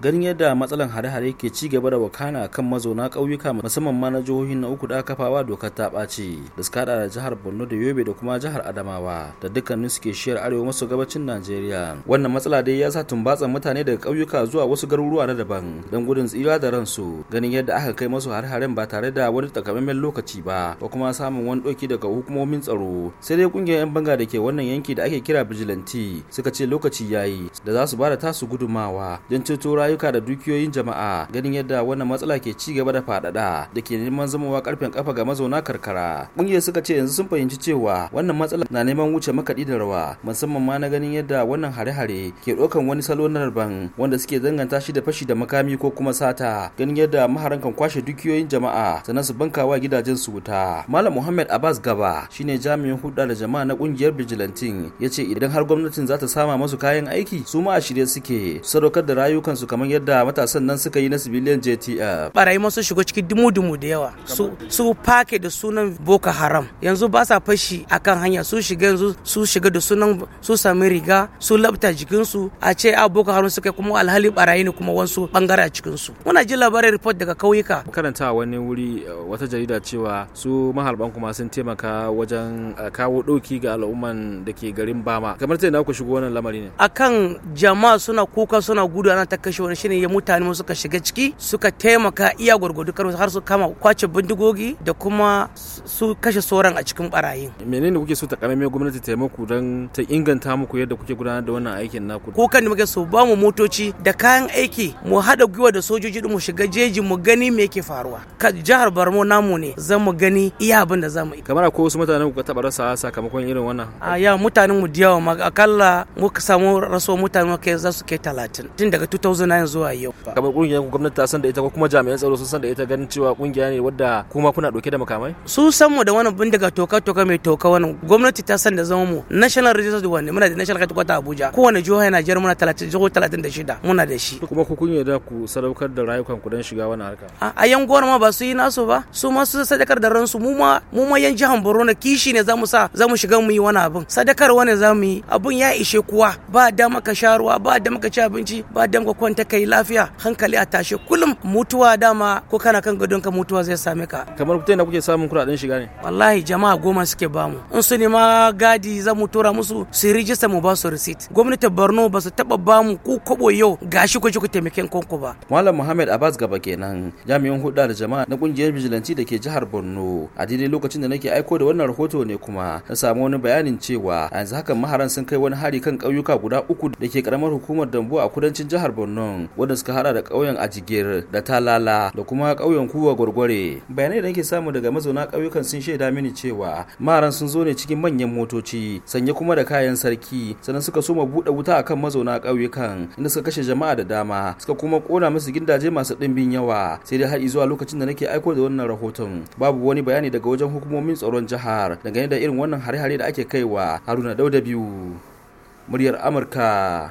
ganin yadda matsalan hare-hare ke ci gaba da wakana kan mazauna ƙauyuka musamman ma na jihohin na uku da aka kafawa dokar ta ɓaci da suka da jihar borno da yobe da kuma jihar adamawa da dukkanin suke shiyar arewa maso gabacin najeriya wannan matsala dai ya sa tumbatsan mutane daga ƙauyuka zuwa wasu garuruwa na daban don gudun tsira da ransu ganin yadda aka kai masu hare-haren ba tare da wani takamaiman lokaci ba ko kuma samun wani ɗauki daga hukumomin tsaro sai dai ƙungiyar 'yan banga da ke wannan yanki da ake kira bijilanti suka ce lokaci yayi da za su ba da tasu gudumawa don ceto rayuka da dukiyoyin jama'a ganin yadda wannan matsala ke ci gaba da faɗaɗa da ke neman zamowa karfen kafa ga mazauna karkara ƙungiyar suka ce yanzu sun fahimci cewa wannan matsala na neman wuce makaɗi da rawa musamman ma na ganin yadda wannan hare-hare ke ɗaukan wani salo na daban wanda suke danganta shi da fashi da makami ko kuma sata ganin yadda maharankan kwashe dukiyoyin jama'a sannan su banka wa gidajen su wuta malam muhammad abbas gaba shine jami'in hulɗa da jama'a na kungiyar bijilantin ya ce idan har gwamnatin za ta sama masu kayan aiki su ma a shirye suke sadaukar da rayukansu kamar kamar yadda matasan nan suka yi na civilian JTF. Barayi ma sun shigo cikin dumu-dumu da yawa. Su su fake da sunan Boko Haram. Yanzu ba sa fashi akan hanya su shiga yanzu su shiga da sunan su sami riga su labta jikinsu a ce a Boko Haram suka kuma alhali barayi ne kuma wasu bangare a cikin su. Muna ji labarin report daga kauyuka. Karanta wani wuri wata jarida cewa su mahalban kuma sun taimaka wajen eh, kawo doki ga al'umman da ke garin Bama. Kamar ta na ku shigo wannan lamari ne. Akan jama'a suna kuka suna gudu ana ta kashe saboda shine ya mutane mu suka shiga ciki suka taimaka iya gwargwado karo har su kama kwace bindigogi da kuma su kashe soran a cikin barayin menene kuke so ta karame gwamnati ta muku don ta inganta muku yadda kuke gudanar da wannan aikin naku ko kan muke so ba mu motoci da kayan aiki mu hada gwiwa da sojoji mu shiga jeji mu gani me yake faruwa ka jihar Barmo namu ne zan mu gani iya abin da zamu yi kamar ko wasu mutanen ku taba rasa sakamakon irin wannan a ya mutanen mu da yawa akalla mu samu raso mutane kai za su kai 30 tun daga 2009 bayan zuwa yau kamar kungiyar gwamnati ta san da ita ko kuma jami'an tsaro sun san da ita ganin cewa kungiya ne wadda kuma kuna dauke da makamai su san mu da wani daga toka toka mai toka wani gwamnati ta san da zama mu national register wani muna da national kwata abuja kowane jihohi najeriya muna 30 jihohi 36 muna da shi kuma ku kun yarda ku sadaukar da rayukan ku don shiga wani harka a yan gwar ma ba su yi nasu ba su ma su sadakar da ransu mu ma mu ma yan jihar borno kishi ne zamu sa zamu shiga mu yi wani abin sadakar wani zamu yi abun ya ishe kuwa ba dama ka sha ruwa ba dama ka ci abinci ba dama ka kwanta ta kai lafiya hankali a tashe kullum mutuwa dama ko kana kan gadon ka mutuwa zai same ka kamar kuta da kuke samun kuɗaɗen shiga ne wallahi jama'a goma suke bamu in su nema gadi za mu tura musu su rijista mu ba su receipt gwamnatin Borno ba su taba bamu ku kobo yau gashi ku ku taimaken kanku ba Malam Muhammad Abbas gaba kenan jami'an hudda da jama'a na kungiyar bijilanci da ke jihar Borno a daidai lokacin da nake aiko da wannan rahoto ne kuma na samu wani bayanin cewa a yanzu hakan maharan sun kai wani hari kan kauyuka guda uku da ke karamar hukumar dambu a kudancin jihar Borno garin wanda suka hada da ƙauyen ajigir da talala da kuma ƙauyen kuwa gwargware bayanai da nake samu daga mazauna ƙauyukan sun shaida mini cewa maran sun zo ne cikin manyan motoci sanye kuma da kayan sarki sannan suka soma buɗe wuta akan mazauna ƙauyukan inda suka kashe jama'a da dama suka kuma kona musu gindaje masu ɗimbin yawa sai dai har zuwa lokacin da nake aiko da wannan rahoton babu wani bayani daga wajen hukumomin tsaron jihar dangane da irin wannan hare-hare da ake kaiwa haruna dauda biyu muryar amurka